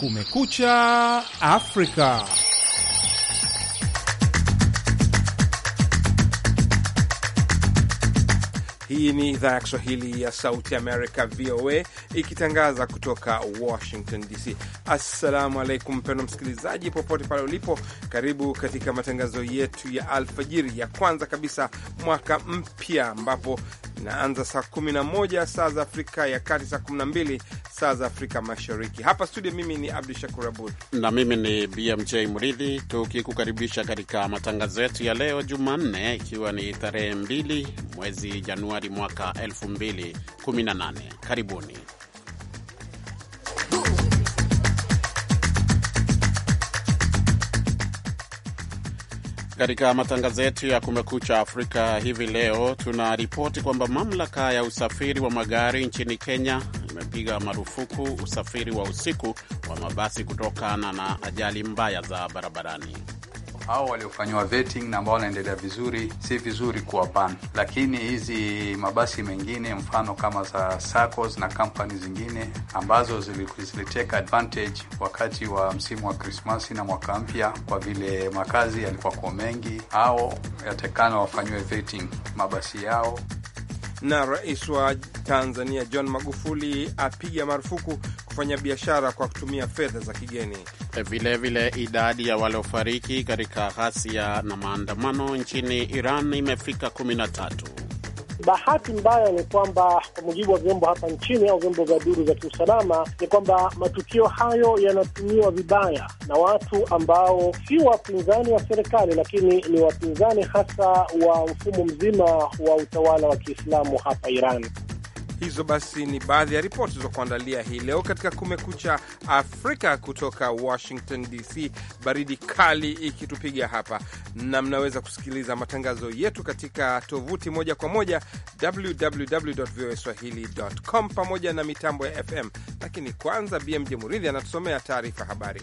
Kumekucha Afrika. Hii ni idhaa ya Kiswahili ya Sauti Amerika, VOA, ikitangaza kutoka Washington DC. Assalamu alaikum, mpendo msikilizaji, popote pale ulipo, karibu katika matangazo yetu ya alfajiri ya kwanza kabisa mwaka mpya, ambapo inaanza saa 11 saa za Afrika ya Kati, saa 12 saa za Afrika Mashariki. Hapa studio, mimi ni Abdu Shakur Abud na mimi ni BMJ Mridhi, tukikukaribisha katika matangazo yetu ya leo Jumanne, ikiwa ni tarehe 2 mwezi Januari mwaka 2018. Karibuni. Katika matangazo yetu ya Kumekucha Afrika hivi leo, tunaripoti kwamba mamlaka ya usafiri wa magari nchini Kenya imepiga marufuku usafiri wa usiku wa mabasi kutokana na ajali mbaya za barabarani au waliofanyiwa vetting na ambao wanaendelea vizuri, si vizuri kuwa ban, lakini hizi mabasi mengine mfano kama za SACCOS na kampani zingine ambazo ziliteka advantage wakati wa msimu wa Krismasi na mwaka mpya, kwa vile makazi yalikuwa kwa mengi, au yatekana wafanyiwe vetting mabasi yao na Rais wa Tanzania John Magufuli apiga marufuku kufanya biashara kwa kutumia fedha za kigeni. Vilevile idadi ya waliofariki katika ghasia na maandamano nchini Iran imefika 13. Bahati mbaya ni kwamba kwa mujibu wa vyombo hapa nchini au vyombo vya duru za kiusalama ni kwamba matukio hayo yanatumiwa vibaya na watu ambao si wapinzani wa serikali, lakini ni wapinzani hasa wa mfumo mzima wa utawala wa Kiislamu hapa Iran. Hizo basi ni baadhi ya ripoti za kuandalia hii leo katika Kumekucha Afrika kutoka Washington DC, baridi kali ikitupiga hapa, na mnaweza kusikiliza matangazo yetu katika tovuti moja kwa moja www.voaswahili.com pamoja na mitambo ya FM. Lakini kwanza, BMJ Muridhi anatusomea taarifa habari.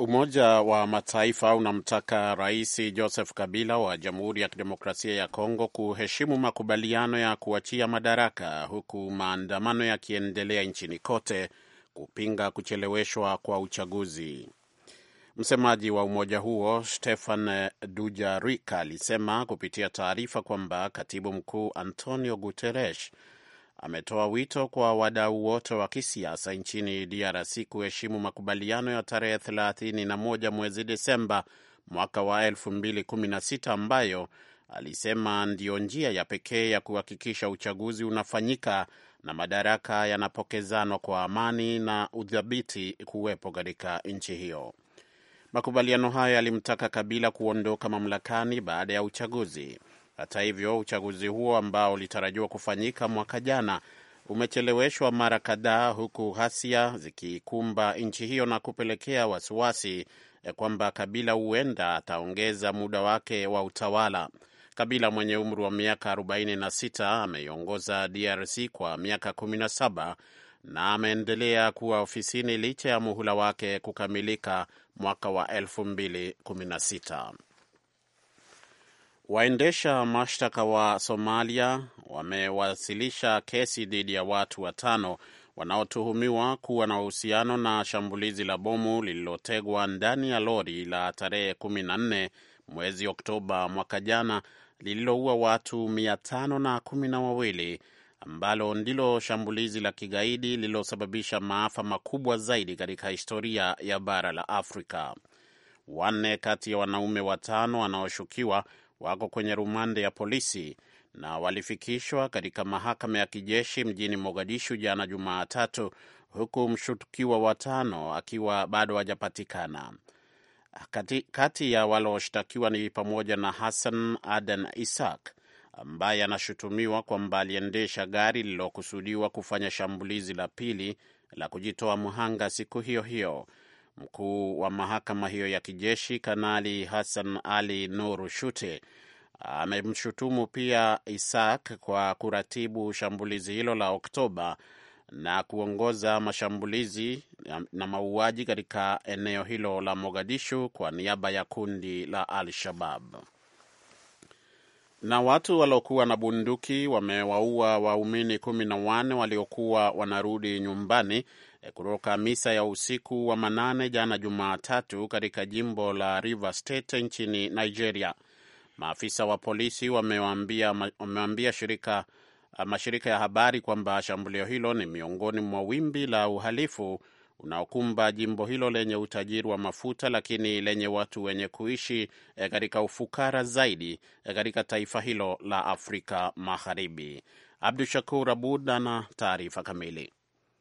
Umoja wa Mataifa unamtaka Rais Joseph Kabila wa Jamhuri ya Kidemokrasia ya Kongo kuheshimu makubaliano ya kuachia madaraka, huku maandamano yakiendelea nchini kote kupinga kucheleweshwa kwa uchaguzi. Msemaji wa umoja huo Stefan Dujarric alisema kupitia taarifa kwamba katibu mkuu Antonio Guterres ametoa wito kwa wadau wote wa kisiasa nchini DRC kuheshimu makubaliano ya tarehe 31 mwezi Desemba mwaka wa 2016 ambayo alisema ndiyo njia ya pekee ya kuhakikisha uchaguzi unafanyika na madaraka yanapokezanwa kwa amani na udhabiti kuwepo katika nchi hiyo. Makubaliano hayo yalimtaka Kabila kuondoka mamlakani baada ya uchaguzi. Hata hivyo, uchaguzi huo ambao ulitarajiwa kufanyika mwaka jana umecheleweshwa mara kadhaa, huku ghasia zikiikumba nchi hiyo na kupelekea wasiwasi kwamba Kabila huenda ataongeza muda wake wa utawala. Kabila mwenye umri wa miaka 46 ameiongoza DRC kwa miaka 17 na ameendelea kuwa ofisini licha ya muhula wake kukamilika mwaka wa 2016. Waendesha mashtaka wa Somalia wamewasilisha kesi dhidi ya watu watano wanaotuhumiwa kuwa na uhusiano na shambulizi la bomu lililotegwa ndani ya lori la tarehe 14 mwezi Oktoba mwaka jana lililoua watu mia tano na kumi na wawili ambalo ndilo shambulizi la kigaidi lililosababisha maafa makubwa zaidi katika historia ya bara la Afrika. Wanne kati ya wanaume watano wanaoshukiwa wako kwenye rumande ya polisi na walifikishwa katika mahakama ya kijeshi mjini Mogadishu jana Jumatatu, huku mshukiwa watano akiwa bado hajapatikana. Kati, kati ya walioshtakiwa ni pamoja na Hassan Aden isak ambaye anashutumiwa kwamba aliendesha gari lililokusudiwa kufanya shambulizi la pili la kujitoa mhanga siku hiyo hiyo Mkuu wa mahakama hiyo ya kijeshi Kanali Hassan Ali Nuru Shute amemshutumu pia isak kwa kuratibu shambulizi hilo la Oktoba na kuongoza mashambulizi na mauaji katika eneo hilo la Mogadishu kwa niaba ya kundi la Al-Shabab. Na watu waliokuwa na bunduki wamewaua waumini kumi na wanne waliokuwa wanarudi nyumbani E, kutoka misa ya usiku wa manane jana Jumatatu katika jimbo la River State nchini Nigeria. Maafisa wa polisi wamewaambia shirika mashirika ya habari kwamba shambulio hilo ni miongoni mwa wimbi la uhalifu unaokumba jimbo hilo lenye utajiri wa mafuta lakini lenye watu wenye kuishi e, katika ufukara zaidi e, katika taifa hilo la Afrika Magharibi. Abdu Shakur Abud ana taarifa kamili.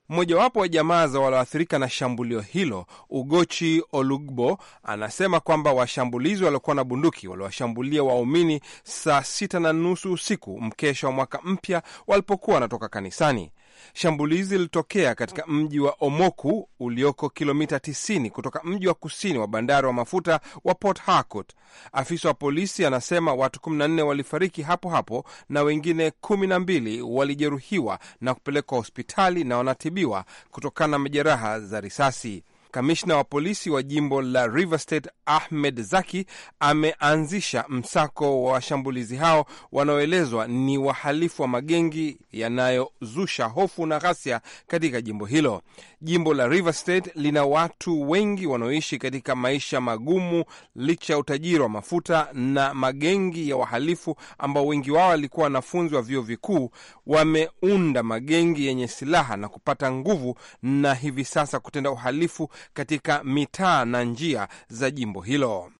Mmojawapo wa jamaa za walioathirika na shambulio hilo, Ugochi Olugbo, anasema kwamba washambulizi waliokuwa na bunduki waliwashambulia waumini saa sita na nusu usiku mkesha wa mwaka mpya walipokuwa wanatoka kanisani. Shambulizi lilitokea katika mji wa Omoku ulioko kilomita 90 kutoka mji wa kusini wa bandari wa mafuta wa Port Harcourt. Afisa wa polisi anasema watu 14 walifariki hapo hapo na wengine 12 walijeruhiwa na kupelekwa hospitali na wanatibiwa kutokana na majeraha za risasi. Kamishna wa polisi wa jimbo la River State Ahmed Zaki ameanzisha msako wa washambulizi hao wanaoelezwa ni wahalifu wa magengi yanayozusha hofu na ghasia katika jimbo hilo. Jimbo la River State lina watu wengi wanaoishi katika maisha magumu licha ya utajiri wa mafuta na magengi ya wahalifu ambao wengi wao walikuwa wanafunzi wa vyuo vikuu, wameunda magengi yenye silaha na kupata nguvu na hivi sasa kutenda uhalifu katika mitaa na njia za jimbo hilo.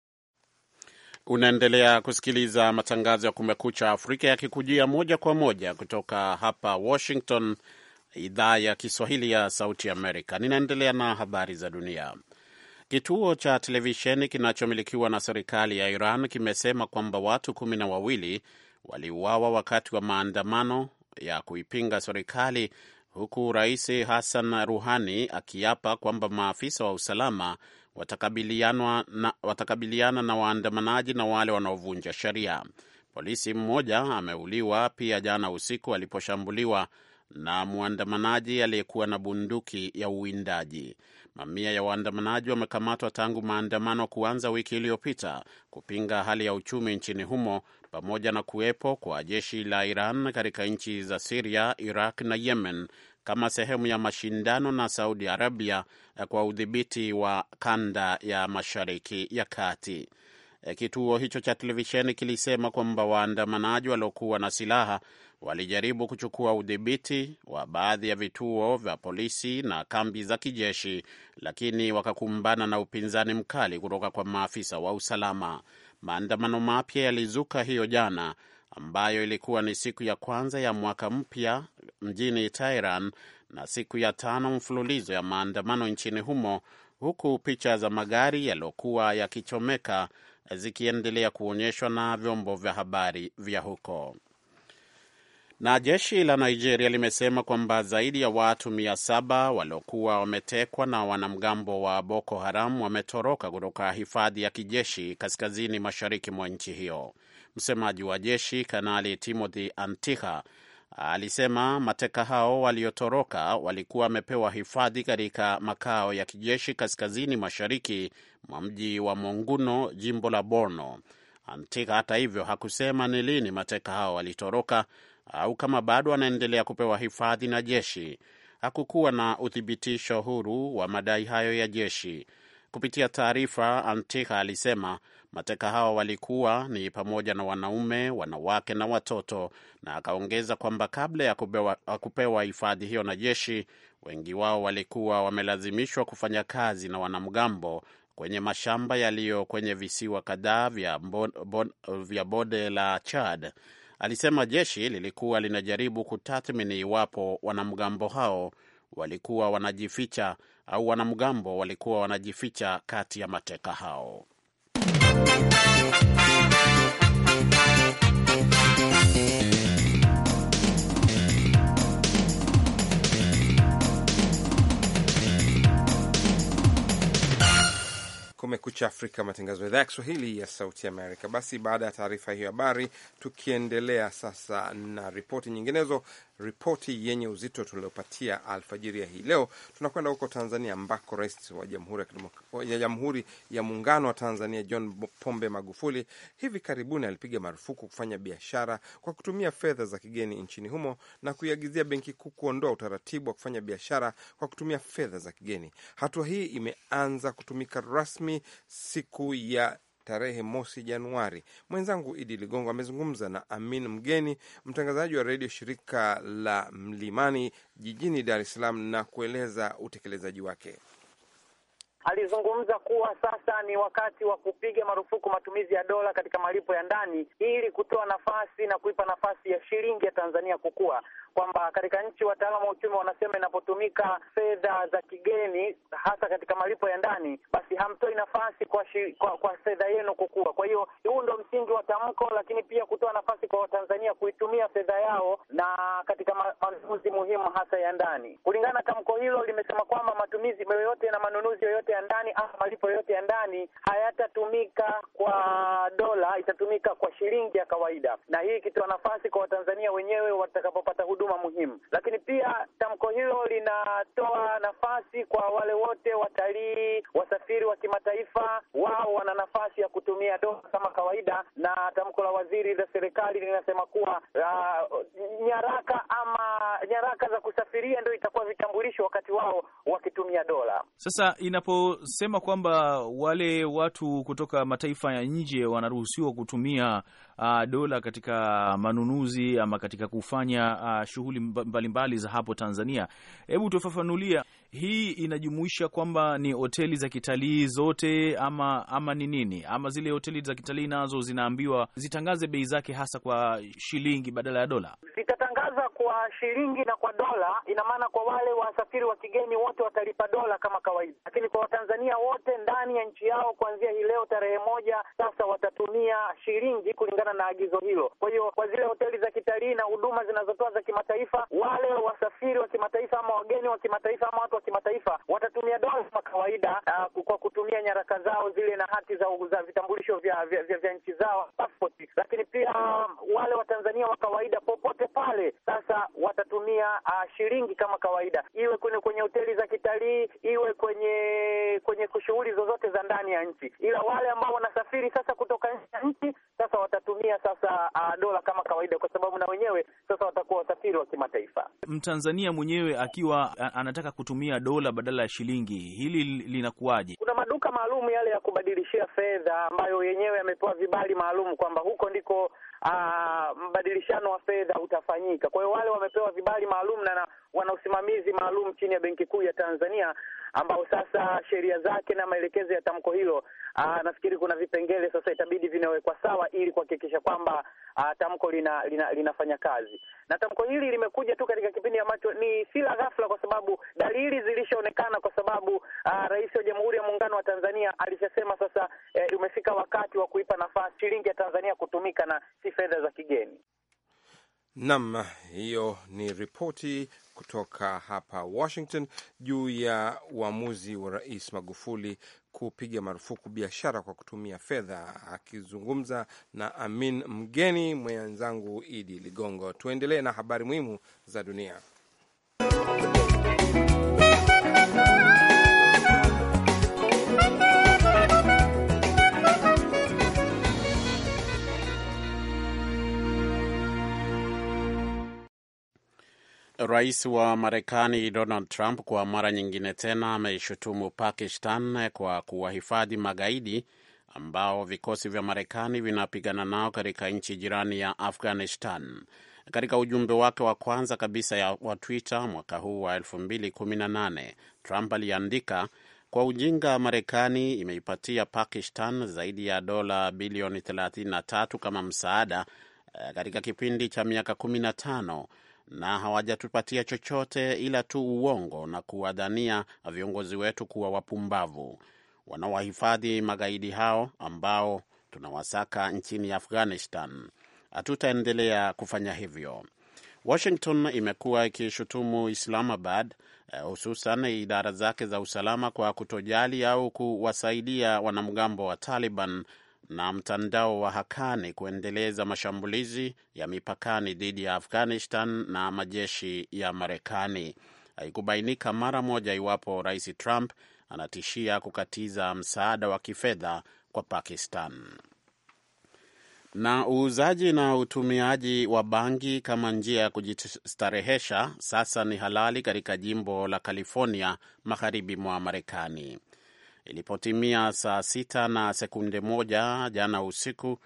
Unaendelea kusikiliza matangazo ya Kumekucha Afrika yakikujia moja kwa moja kutoka hapa Washington, idhaa ya Kiswahili ya Sauti Amerika. Ninaendelea na habari za dunia. Kituo cha televisheni kinachomilikiwa na serikali ya Iran kimesema kwamba watu kumi na wawili waliuawa wakati wa maandamano ya kuipinga serikali huku Rais Hassan Ruhani akiapa kwamba maafisa wa usalama watakabiliana na, watakabiliana na waandamanaji na wale wanaovunja sheria. Polisi mmoja ameuliwa pia jana usiku aliposhambuliwa na mwandamanaji aliyekuwa na bunduki ya uwindaji. Mamia ya waandamanaji wamekamatwa tangu maandamano kuanza wiki iliyopita kupinga hali ya uchumi nchini humo pamoja na kuwepo kwa jeshi la Iran katika nchi za Siria, Iraq na Yemen kama sehemu ya mashindano na Saudi Arabia kwa udhibiti wa kanda ya Mashariki ya Kati. E, kituo hicho cha televisheni kilisema kwamba waandamanaji waliokuwa na silaha walijaribu kuchukua udhibiti wa baadhi ya vituo vya polisi na kambi za kijeshi, lakini wakakumbana na upinzani mkali kutoka kwa maafisa wa usalama. Maandamano mapya yalizuka hiyo jana, ambayo ilikuwa ni siku ya kwanza ya mwaka mpya mjini Tehran na siku ya tano mfululizo ya maandamano nchini humo, huku picha za magari yaliyokuwa yakichomeka zikiendelea kuonyeshwa na vyombo vya habari vya huko. Na jeshi la Nigeria limesema kwamba zaidi ya watu mia saba waliokuwa wametekwa na wanamgambo wa Boko Haram wametoroka kutoka hifadhi ya kijeshi kaskazini mashariki mwa nchi hiyo. Msemaji wa jeshi Kanali Timothy Antiha alisema mateka hao waliotoroka walikuwa wamepewa hifadhi katika makao ya kijeshi kaskazini mashariki mwa mji wa Monguno, jimbo la Borno. Antika hata hivyo hakusema ni lini mateka hao walitoroka au kama bado anaendelea kupewa hifadhi na jeshi. Hakukuwa na uthibitisho huru wa madai hayo ya jeshi. Kupitia taarifa, Antiha alisema mateka hao walikuwa ni pamoja na wanaume, wanawake na watoto, na akaongeza kwamba kabla ya kupewa, hifadhi hiyo na jeshi, wengi wao walikuwa wamelazimishwa kufanya kazi na wanamgambo kwenye mashamba yaliyo kwenye visiwa kadhaa vya, vya bonde la Chad alisema jeshi lilikuwa linajaribu kutathmini iwapo wanamgambo hao walikuwa wanajificha au wanamgambo walikuwa wanajificha kati ya mateka hao. Kumekucha Afrika, matangazo ya idhaa ya Kiswahili ya Sauti Amerika. Basi baada ya taarifa hiyo habari, tukiendelea sasa na ripoti nyinginezo, ripoti yenye uzito tuliopatia alfajiri ya hii leo. Tunakwenda huko Tanzania ambako rais wa Jamhuri ya Muungano wa Tanzania John Pombe Magufuli hivi karibuni alipiga marufuku kufanya biashara kwa kutumia fedha za kigeni nchini humo na kuiagizia Benki Kuu kuondoa utaratibu wa kufanya biashara kwa kutumia fedha za kigeni. Hatua hii imeanza kutumika rasmi siku ya tarehe mosi Januari. Mwenzangu Idi Ligongo amezungumza na Amin Mgeni, mtangazaji wa redio shirika la Mlimani jijini Dar es Salaam, na kueleza utekelezaji wake. Alizungumza kuwa sasa ni wakati wa kupiga marufuku matumizi ya dola katika malipo ya ndani ili kutoa nafasi na kuipa nafasi ya shilingi ya Tanzania kukua kwamba katika nchi wataalamu wa uchumi wanasema inapotumika fedha za kigeni, hasa katika malipo ya ndani, basi hamtoi nafasi kwa, kwa, kwa fedha yenu kukua. Kwa hiyo huu ndo msingi wa tamko, lakini pia kutoa nafasi kwa Watanzania kuitumia fedha yao na katika manunuzi muhimu hasa ya ndani. Kulingana na tamko hilo, limesema kwamba matumizi yoyote na manunuzi yoyote ya ndani au malipo yoyote ya ndani hayatatumika kwa dola, itatumika kwa shilingi ya kawaida, na hii ikitoa nafasi kwa Watanzania wenyewe watakapopata huduma huduma muhimu. Lakini pia tamko hilo linatoa nafasi kwa wale wote watalii, wasafiri wa kimataifa, wao wana nafasi ya kutumia dola kama kawaida, na tamko la waziri la serikali linasema kuwa uh, nyaraka ama nyaraka za kusafiria ndio ita vitambulisho wakati wao wakitumia dola. Sasa inaposema kwamba wale watu kutoka mataifa ya nje wanaruhusiwa kutumia uh, dola katika manunuzi ama katika kufanya uh, shughuli mbalimbali za hapo Tanzania, hebu tufafanulia hii inajumuisha kwamba ni hoteli za kitalii zote ama ama ni nini? Ama zile hoteli za kitalii nazo zinaambiwa zitangaze bei zake hasa kwa shilingi badala ya dola Zitata kutangaza kwa shilingi na kwa dola, ina maana kwa wale wasafiri wa kigeni wote watalipa dola kama kawaida, lakini kwa Watanzania wote ndani ya nchi yao kuanzia hii leo tarehe moja sasa watatumia shilingi kulingana na agizo hilo. Kwa hiyo kwa zile hoteli za kitalii na huduma zinazotoa za kimataifa, wale wasafiri wa kimataifa ama wageni wa kimataifa ama watu wa kimataifa watatumia dola kama kawaida, uh, kwa kutumia nyaraka zao zile na hati za, za vitambulisho vya, vya, vya, vya nchi zao passport, lakini pia watatumia uh, ah, shilingi kama kawaida, iwe kwenye kwenye hoteli za kitalii, iwe kwenye kwenye shughuli zozote za ndani ya nchi. Ila wale ambao wanasafiri sasa kutoka nje ya nchi sasa watatumia sasa uh, dola kama kawaida, kwa sababu na wenyewe sasa watakuwa wasafiri wa kimataifa. Mtanzania mwenyewe akiwa anataka kutumia dola badala ya shilingi, hili linakuwaje? Kuna madu maalum yale ya kubadilishia fedha ambayo yenyewe yamepewa vibali maalum kwamba huko ndiko ah, mbadilishano wa fedha utafanyika. Kwa hiyo wale wamepewa vibali maalum na, na wana usimamizi maalum chini ya Benki Kuu ya Tanzania ambao sasa sheria zake na maelekezo ya tamko hilo, aa, ah, nafikiri kuna vipengele sasa itabidi vinawekwa sawa ili kuhakikisha kwamba ah, tamko lina, lina, linafanya kazi. Na tamko hili limekuja tu katika kipindi ambacho ni si la ghafla, kwa sababu dalili zilishaonekana, kwa sababu aa, ah, Rais wa Jamhuri ya Muungano wa Tanzania alishasema sasa, e, umefika wakati wa kuipa nafasi shilingi ya Tanzania kutumika na si fedha za kigeni. Nam, hiyo ni ripoti kutoka hapa Washington juu ya uamuzi wa Rais Magufuli kupiga marufuku biashara kwa kutumia fedha. Akizungumza na Amin Mgeni, mwenzangu Idi Ligongo. Tuendelee na habari muhimu za dunia. Rais wa Marekani Donald Trump kwa mara nyingine tena ameishutumu Pakistan kwa kuwahifadhi magaidi ambao vikosi vya Marekani vinapigana nao katika nchi jirani ya Afghanistan. Katika ujumbe wake wa kwanza kabisa ya wa Twitter mwaka huu wa 2018 Trump aliandika, kwa ujinga Marekani imeipatia Pakistan zaidi ya dola bilioni 33 kama msaada eh, katika kipindi cha miaka 15 na hawajatupatia chochote ila tu uongo na kuwadhania viongozi wetu kuwa wapumbavu. Wanawahifadhi magaidi hao ambao tunawasaka nchini Afghanistan. Hatutaendelea kufanya hivyo. Washington imekuwa ikishutumu Islamabad eh, hususan idara zake za usalama kwa kutojali au kuwasaidia wanamgambo wa Taliban na mtandao wa Hakani kuendeleza mashambulizi ya mipakani dhidi ya Afghanistan na majeshi ya Marekani. Haikubainika mara moja iwapo Rais Trump anatishia kukatiza msaada wa kifedha kwa Pakistan. Na uuzaji na utumiaji wa bangi kama njia ya kujistarehesha sasa ni halali katika jimbo la California magharibi mwa Marekani ilipotimia saa sita na sekunde moja jana usiku,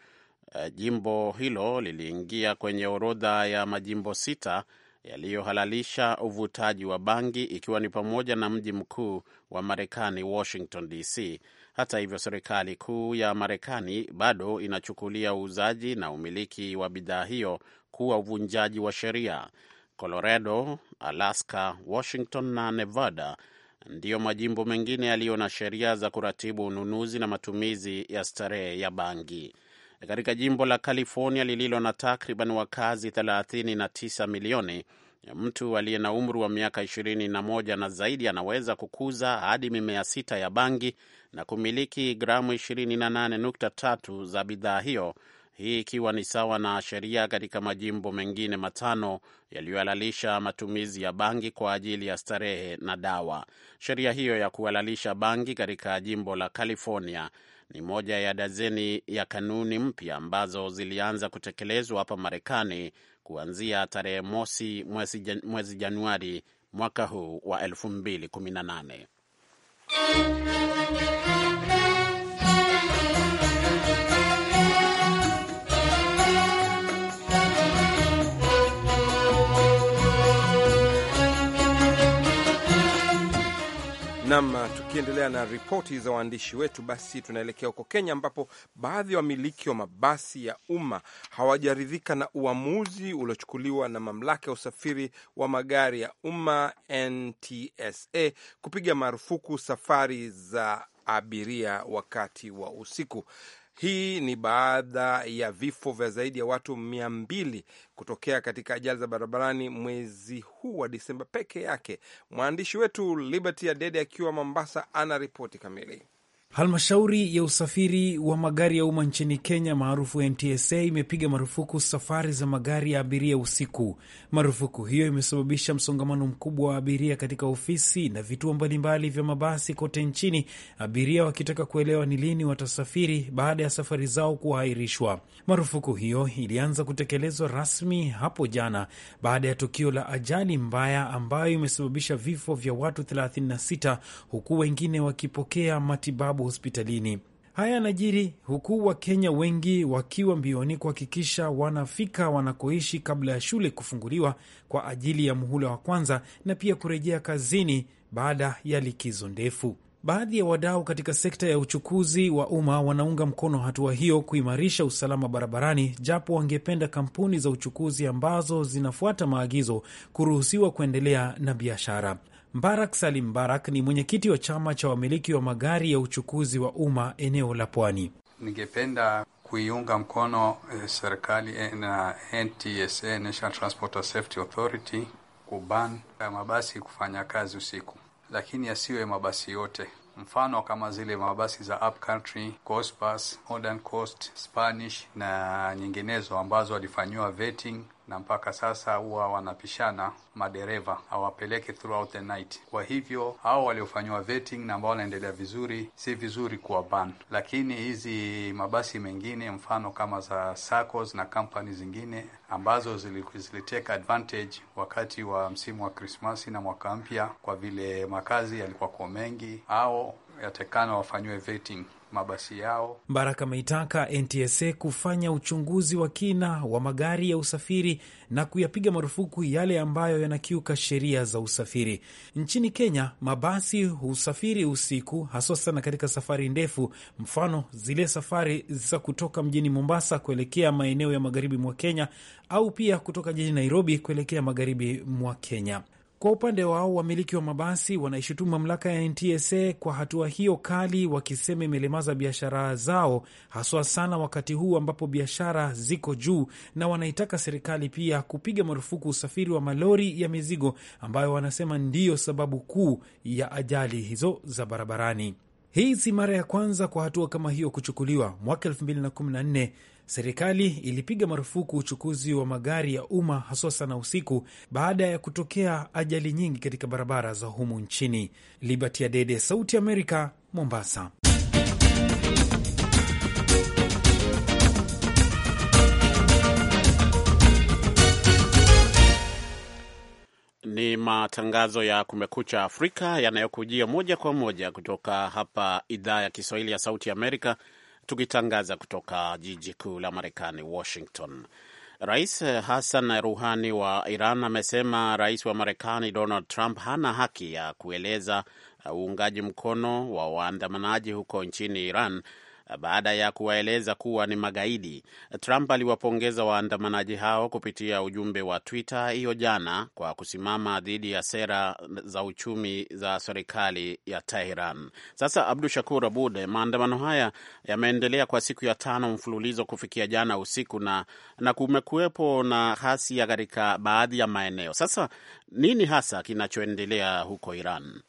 eh, jimbo hilo liliingia kwenye orodha ya majimbo sita yaliyohalalisha uvutaji wa bangi ikiwa ni pamoja na mji mkuu wa Marekani, Washington DC. Hata hivyo, serikali kuu ya Marekani bado inachukulia uuzaji na umiliki wa bidhaa hiyo kuwa uvunjaji wa sheria. Colorado, Alaska, Washington na Nevada ndiyo majimbo mengine yaliyo na sheria za kuratibu ununuzi na matumizi ya starehe ya bangi. Katika jimbo la California lililo na takriban wakazi 39 milioni, mtu aliye na umri wa miaka 21 na zaidi anaweza kukuza hadi mimea sita ya bangi na kumiliki gramu 28.3 za bidhaa hiyo hii ikiwa ni sawa na sheria katika majimbo mengine matano yaliyohalalisha matumizi ya bangi kwa ajili ya starehe na dawa. Sheria hiyo ya kuhalalisha bangi katika jimbo la California ni moja ya dazeni ya kanuni mpya ambazo zilianza kutekelezwa hapa Marekani kuanzia tarehe mosi mwezi Januari mwaka huu wa 2018. Nam, tukiendelea na ripoti za waandishi wetu, basi tunaelekea huko Kenya ambapo baadhi ya wamiliki wa mabasi ya umma hawajaridhika na uamuzi uliochukuliwa na mamlaka ya usafiri wa magari ya umma NTSA kupiga marufuku safari za abiria wakati wa usiku. Hii ni baada ya vifo vya zaidi ya watu mia mbili kutokea katika ajali za barabarani mwezi huu wa Disemba peke yake. Mwandishi wetu Liberty Adede akiwa Mombasa ana ripoti kamili. Halmashauri ya usafiri wa magari ya umma nchini Kenya maarufu NTSA imepiga marufuku safari za magari ya abiria usiku. Marufuku hiyo imesababisha msongamano mkubwa wa abiria katika ofisi na vituo mbalimbali vya mabasi kote nchini, abiria wakitaka kuelewa ni lini watasafiri baada ya safari zao kuahirishwa. Marufuku hiyo ilianza kutekelezwa rasmi hapo jana baada ya tukio la ajali mbaya ambayo imesababisha vifo vya watu 36 huku wengine wakipokea matibabu matibabu hospitalini. Haya yanajiri huku Wakenya wengi wakiwa mbioni kuhakikisha wanafika wanakoishi kabla ya shule kufunguliwa kwa ajili ya muhula wa kwanza na pia kurejea kazini baada ya likizo ndefu. Baadhi ya wadau katika sekta ya uchukuzi wa umma wanaunga mkono hatua hiyo kuimarisha usalama barabarani, japo wangependa kampuni za uchukuzi ambazo zinafuata maagizo kuruhusiwa kuendelea na biashara. Mbarak Salim Mbarak ni mwenyekiti wa chama cha wamiliki wa magari ya uchukuzi wa umma eneo la Pwani. Ningependa kuiunga mkono eh, serikali eh, na NTSA, National Transport Safety Authority, kuban ya eh, mabasi kufanya kazi usiku, lakini yasiwe mabasi yote. Mfano kama zile mabasi za Upcountry, Coast Bus, Modern Coast, Spanish na nyinginezo ambazo walifanyiwa vetting na mpaka sasa huwa wanapishana madereva awapeleke throughout the night. Kwa hivyo hao waliofanyiwa vetting na ambao wanaendelea vizuri, si vizuri kuwa ban, lakini hizi mabasi mengine mfano kama za SACCOS na kampani zingine ambazo ziliteka advantage wakati wa msimu wa Krismasi na mwaka mpya, kwa vile makazi yalikuwa kwa mengi, au yatekana wafanyiwe vetting mabasi yao. Baraka ameitaka NTSA kufanya uchunguzi wa kina wa magari ya usafiri na kuyapiga marufuku yale ambayo yanakiuka sheria za usafiri. Nchini Kenya, mabasi husafiri usiku, haswa sana katika safari ndefu, mfano zile safari za kutoka mjini Mombasa kuelekea maeneo ya magharibi mwa Kenya au pia kutoka jijini Nairobi kuelekea magharibi mwa Kenya. Kwa upande wao, wamiliki wa mabasi wanaishutumu mamlaka ya NTSA kwa hatua hiyo kali, wakisema imelemaza biashara zao, haswa sana wakati huu ambapo biashara ziko juu, na wanaitaka serikali pia kupiga marufuku usafiri wa malori ya mizigo ambayo wanasema ndiyo sababu kuu ya ajali hizo za barabarani. Hii si mara ya kwanza kwa hatua kama hiyo kuchukuliwa. Mwaka 2014 serikali ilipiga marufuku uchukuzi wa magari ya umma haswa sana usiku, baada ya kutokea ajali nyingi katika barabara za humu nchini. Liberty Adede, Sauti Amerika, Mombasa. ni matangazo ya Kumekucha Afrika yanayokujia moja kwa moja kutoka hapa idhaa ya Kiswahili ya Sauti Amerika, tukitangaza kutoka jiji kuu la Marekani, Washington. Rais Hassan Ruhani wa Iran amesema rais wa Marekani Donald Trump hana haki ya kueleza uungaji mkono wa waandamanaji huko nchini Iran baada ya kuwaeleza kuwa ni magaidi. Trump aliwapongeza waandamanaji hao kupitia ujumbe wa Twitter hiyo jana kwa kusimama dhidi ya sera za uchumi za serikali ya Tehran. Sasa, Abdu Shakur Abud, maandamano haya yameendelea kwa siku ya tano mfululizo kufikia jana usiku na, na kumekuwepo na hasia katika baadhi ya maeneo. Sasa nini hasa kinachoendelea huko Iran?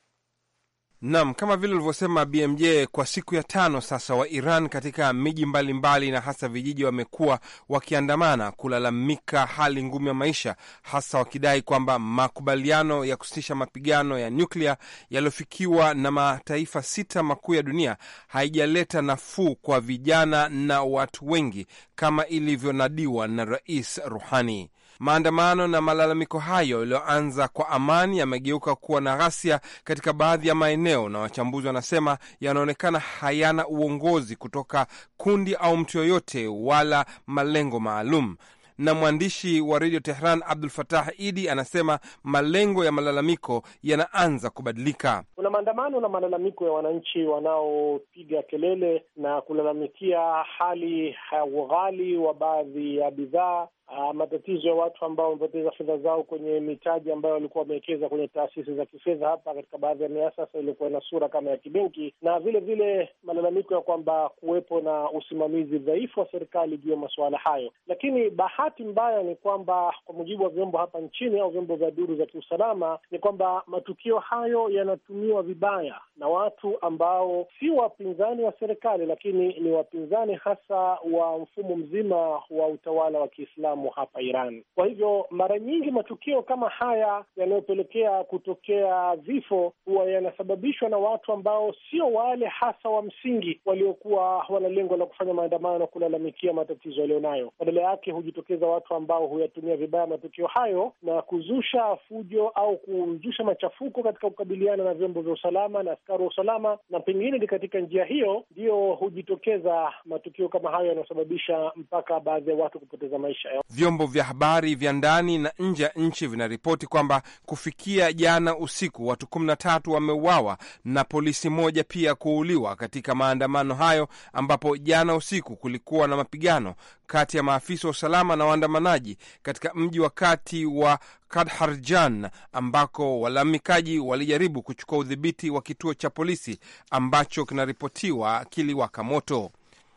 Nam, kama vile ulivyosema BMJ, kwa siku ya tano sasa wa Iran katika miji mbalimbali na hasa vijiji wamekuwa wakiandamana kulalamika hali ngumu ya maisha, hasa wakidai kwamba makubaliano ya kusitisha mapigano ya nyuklia yaliyofikiwa na mataifa sita makuu ya dunia haijaleta nafuu kwa vijana na watu wengi kama ilivyonadiwa na Rais Ruhani. Maandamano na malalamiko hayo yaliyoanza kwa amani yamegeuka kuwa na ghasia katika baadhi ya maeneo, na wachambuzi wanasema yanaonekana hayana uongozi kutoka kundi au mtu yoyote wala malengo maalum na mwandishi wa redio Tehran Abdul Fatah Idi anasema malengo ya malalamiko yanaanza kubadilika kuna maandamano na malalamiko ya wananchi wanaopiga kelele na kulalamikia hali ya ughali wa baadhi ya bidhaa, ah, matatizo ya watu ambao wamepoteza fedha zao kwenye mitaji ambayo walikuwa wamewekeza kwenye taasisi za kifedha hapa katika baadhi ya miasasa iliyokuwa na sura kama ya kibenki, na vile vile malalamiko ya kwamba kuwepo na usimamizi dhaifu wa serikali juu ya masuala hayo. Lakini bahati mbaya ni kwamba kwa mujibu wa vyombo hapa nchini au vyombo vya duru za kiusalama ni kwamba matukio hayo yanatumia wanatumiwa vibaya na watu ambao si wapinzani wa serikali, lakini ni wapinzani hasa wa mfumo mzima wa utawala wa Kiislamu hapa Iran. Kwa hivyo mara nyingi matukio kama haya yanayopelekea kutokea vifo huwa yanasababishwa na watu ambao sio wale hasa wa msingi waliokuwa wana lengo la kufanya maandamano kulalamikia matatizo yaliyonayo. Badala yake hujitokeza watu ambao huyatumia vibaya matukio hayo na kuzusha fujo au kuzusha machafuko katika kukabiliana na vyombo za usalama na askari wa usalama, na pengine ni katika njia hiyo ndiyo hujitokeza matukio kama hayo yanayosababisha mpaka baadhi ya watu kupoteza maisha. Vyombo vya habari vya ndani na nje ya nchi vinaripoti kwamba kufikia jana usiku watu kumi na tatu wameuawa na polisi moja pia kuuliwa katika maandamano hayo, ambapo jana usiku kulikuwa na mapigano kati ya maafisa wa usalama na waandamanaji katika mji wa kati wa Kadharjan ambako walalamikaji walijaribu kuchukua udhibiti wa kituo cha polisi ambacho kinaripotiwa kiliwaka moto.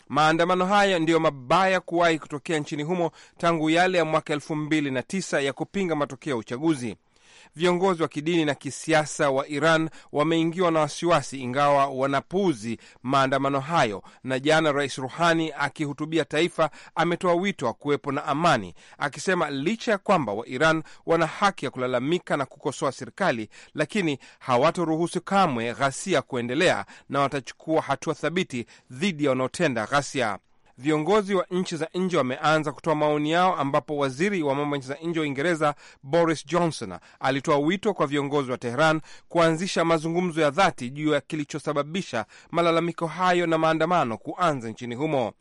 Maandamano haya ndiyo mabaya kuwahi kutokea nchini humo tangu yale ya mwaka elfu mbili na tisa ya kupinga matokeo ya uchaguzi viongozi wa kidini na kisiasa wa Iran wameingiwa na wasiwasi, ingawa wanapuuzi maandamano hayo. Na jana Rais Ruhani akihutubia taifa ametoa wito wa kuwepo na amani, akisema licha ya kwamba wa Iran wana haki ya kulalamika na kukosoa serikali, lakini hawatoruhusu kamwe ghasia kuendelea na watachukua hatua thabiti dhidi ya wanaotenda ghasia viongozi wa nchi za nje wameanza kutoa maoni yao, ambapo waziri wa mambo ya nchi za nje wa Uingereza Boris Johnson alitoa wito kwa viongozi wa Teheran kuanzisha mazungumzo ya dhati juu ya kilichosababisha malalamiko hayo na maandamano kuanza nchini humo.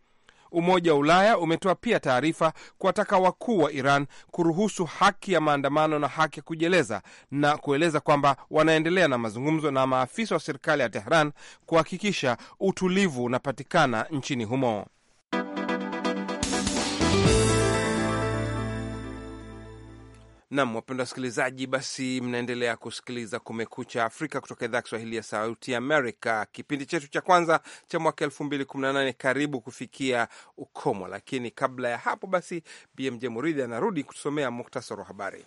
Umoja wa Ulaya umetoa pia taarifa kuwataka wakuu wa Iran kuruhusu haki ya maandamano na haki ya kujieleza na kueleza kwamba wanaendelea na mazungumzo na maafisa wa serikali ya Tehran kuhakikisha utulivu unapatikana nchini humo. Nam, wapendwa wasikilizaji, basi mnaendelea kusikiliza Kumekucha Afrika kutoka idhaa ya Kiswahili ya Sauti Amerika. Kipindi chetu cha kwanza cha mwaka elfu mbili kumi na nane karibu kufikia ukomo, lakini kabla ya hapo basi BMJ Muridhi anarudi kutusomea muktasari wa habari.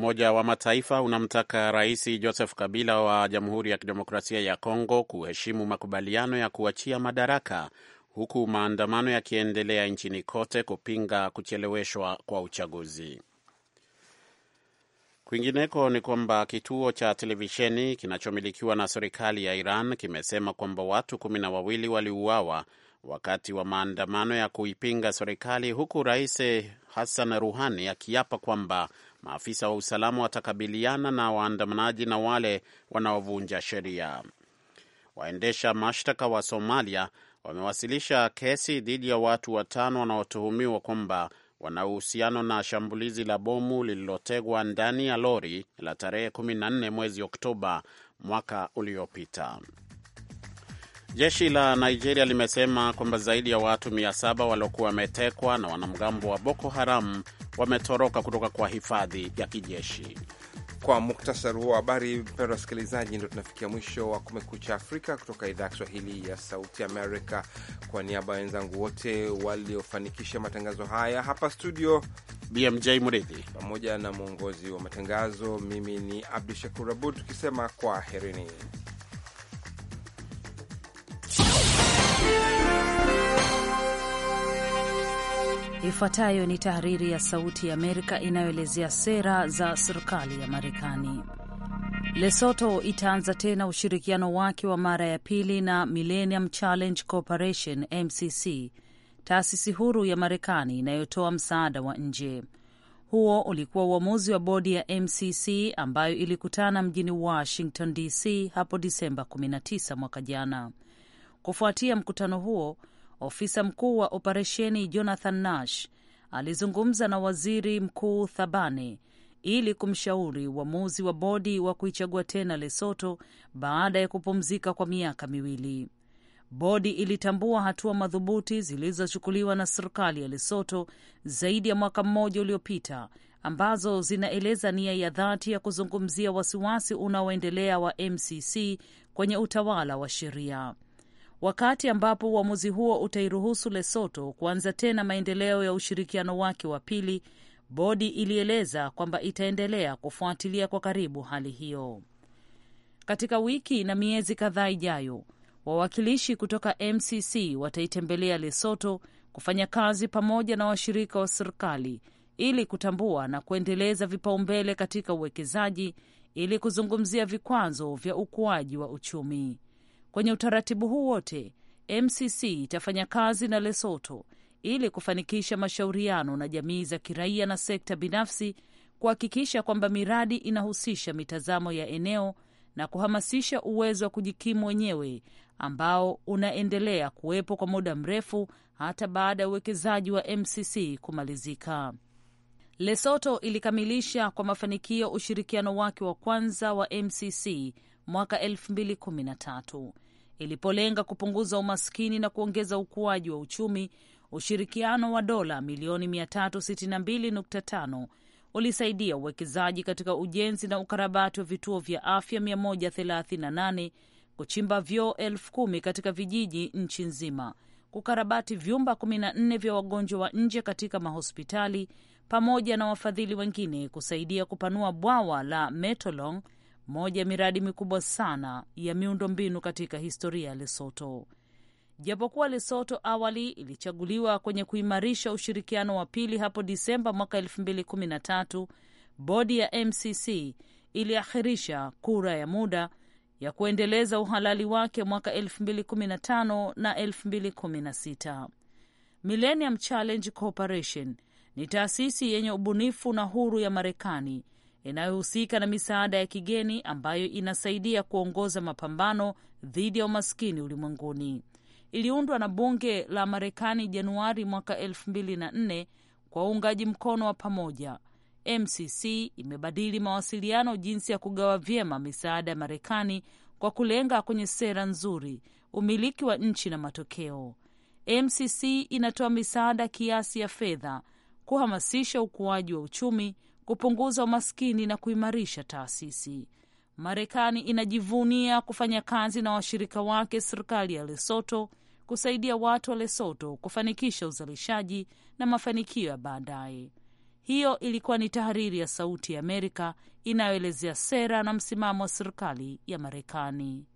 Umoja wa Mataifa unamtaka Rais Joseph Kabila wa Jamhuri ya Kidemokrasia ya Kongo kuheshimu makubaliano ya kuachia madaraka huku maandamano yakiendelea nchini kote kupinga kucheleweshwa kwa uchaguzi. Kwingineko ni kwamba kituo cha televisheni kinachomilikiwa na serikali ya Iran kimesema kwamba watu kumi na wawili waliuawa wakati wa maandamano ya kuipinga serikali, huku Rais Hassan Ruhani akiapa kwamba maafisa wa usalama watakabiliana na waandamanaji na wale wanaovunja sheria. Waendesha mashtaka wa Somalia wamewasilisha kesi dhidi ya watu watano wanaotuhumiwa kwamba wana uhusiano na shambulizi la bomu lililotegwa ndani ya lori la tarehe 14 mwezi Oktoba mwaka uliopita. Jeshi la Nigeria limesema kwamba zaidi ya watu 700 waliokuwa wametekwa na wanamgambo wa Boko Haram wametoroka kutoka kwa hifadhi ya kijeshi. Kwa muktasari huo wa habari, mpendwa wasikilizaji, ndio tunafikia mwisho wa Kumekucha Afrika kutoka idhaa ya Kiswahili ya Sauti Amerika. Kwa niaba ya wenzangu wote waliofanikisha matangazo haya hapa studio, BMJ Mridhi pamoja na mwongozi wa matangazo, mimi ni Abdu Shakur Abud, tukisema kwa herini Ifuatayo ni tahariri ya Sauti ya Amerika inayoelezea sera za serikali ya Marekani. lesoto itaanza tena ushirikiano wake wa mara ya pili na Millennium Challenge Corporation MCC, taasisi huru ya Marekani inayotoa msaada wa nje. Huo ulikuwa uamuzi wa bodi ya MCC ambayo ilikutana mjini Washington DC hapo Disemba 19 mwaka jana. Kufuatia mkutano huo, Ofisa mkuu wa operesheni Jonathan Nash alizungumza na waziri mkuu Thabane ili kumshauri uamuzi wa bodi wa kuichagua tena Lesoto baada ya kupumzika kwa miaka miwili. Bodi ilitambua hatua madhubuti zilizochukuliwa na serikali ya Lesoto zaidi ya mwaka mmoja uliopita, ambazo zinaeleza nia ya dhati ya kuzungumzia wasiwasi unaoendelea wa MCC kwenye utawala wa sheria wakati ambapo uamuzi huo utairuhusu Lesoto kuanza tena maendeleo ya ushirikiano wake wa pili. Bodi ilieleza kwamba itaendelea kufuatilia kwa karibu hali hiyo. Katika wiki na miezi kadhaa ijayo, wawakilishi kutoka MCC wataitembelea Lesoto kufanya kazi pamoja na washirika wa serikali ili kutambua na kuendeleza vipaumbele katika uwekezaji ili kuzungumzia vikwazo vya ukuaji wa uchumi. Kwenye utaratibu huu wote, MCC itafanya kazi na Lesotho ili kufanikisha mashauriano na jamii za kiraia na sekta binafsi kuhakikisha kwamba miradi inahusisha mitazamo ya eneo na kuhamasisha uwezo wa kujikimu wenyewe ambao unaendelea kuwepo kwa muda mrefu hata baada ya uwekezaji wa MCC kumalizika. lesoto ilikamilisha kwa mafanikio ushirikiano wake wa kwanza wa MCC mwaka 2013 ilipolenga kupunguza umaskini na kuongeza ukuaji wa uchumi. Ushirikiano wa dola milioni 362.5 ulisaidia uwekezaji katika ujenzi na ukarabati wa vituo vya afya 138, kuchimba vyoo elfu katika vijiji nchi nzima, kukarabati vyumba 14 vya wagonjwa wa nje katika mahospitali, pamoja na wafadhili wengine kusaidia kupanua bwawa la Metolong moja ya miradi mikubwa sana ya miundombinu katika historia ya Lesoto. Japokuwa Lesoto awali ilichaguliwa kwenye kuimarisha ushirikiano wa pili hapo Disemba mwaka 2013, bodi ya MCC iliakhirisha kura ya muda ya kuendeleza uhalali wake mwaka 2015 na 2016. Millennium Challenge Corporation ni taasisi yenye ubunifu na huru ya Marekani inayohusika na misaada ya kigeni ambayo inasaidia kuongoza mapambano dhidi ya umaskini ulimwenguni. Iliundwa na bunge la Marekani Januari mwaka 24 kwa uungaji mkono wa pamoja. MCC imebadili mawasiliano jinsi ya kugawa vyema misaada ya Marekani kwa kulenga kwenye sera nzuri, umiliki wa nchi na matokeo. MCC inatoa misaada kiasi ya fedha kuhamasisha ukuaji wa uchumi kupunguza umaskini na kuimarisha taasisi. Marekani inajivunia kufanya kazi na washirika wake, serikali ya Lesoto, kusaidia watu wa Lesoto kufanikisha uzalishaji na mafanikio ya baadaye. Hiyo ilikuwa ni tahariri ya Sauti ya Amerika inayoelezea sera na msimamo wa serikali ya Marekani.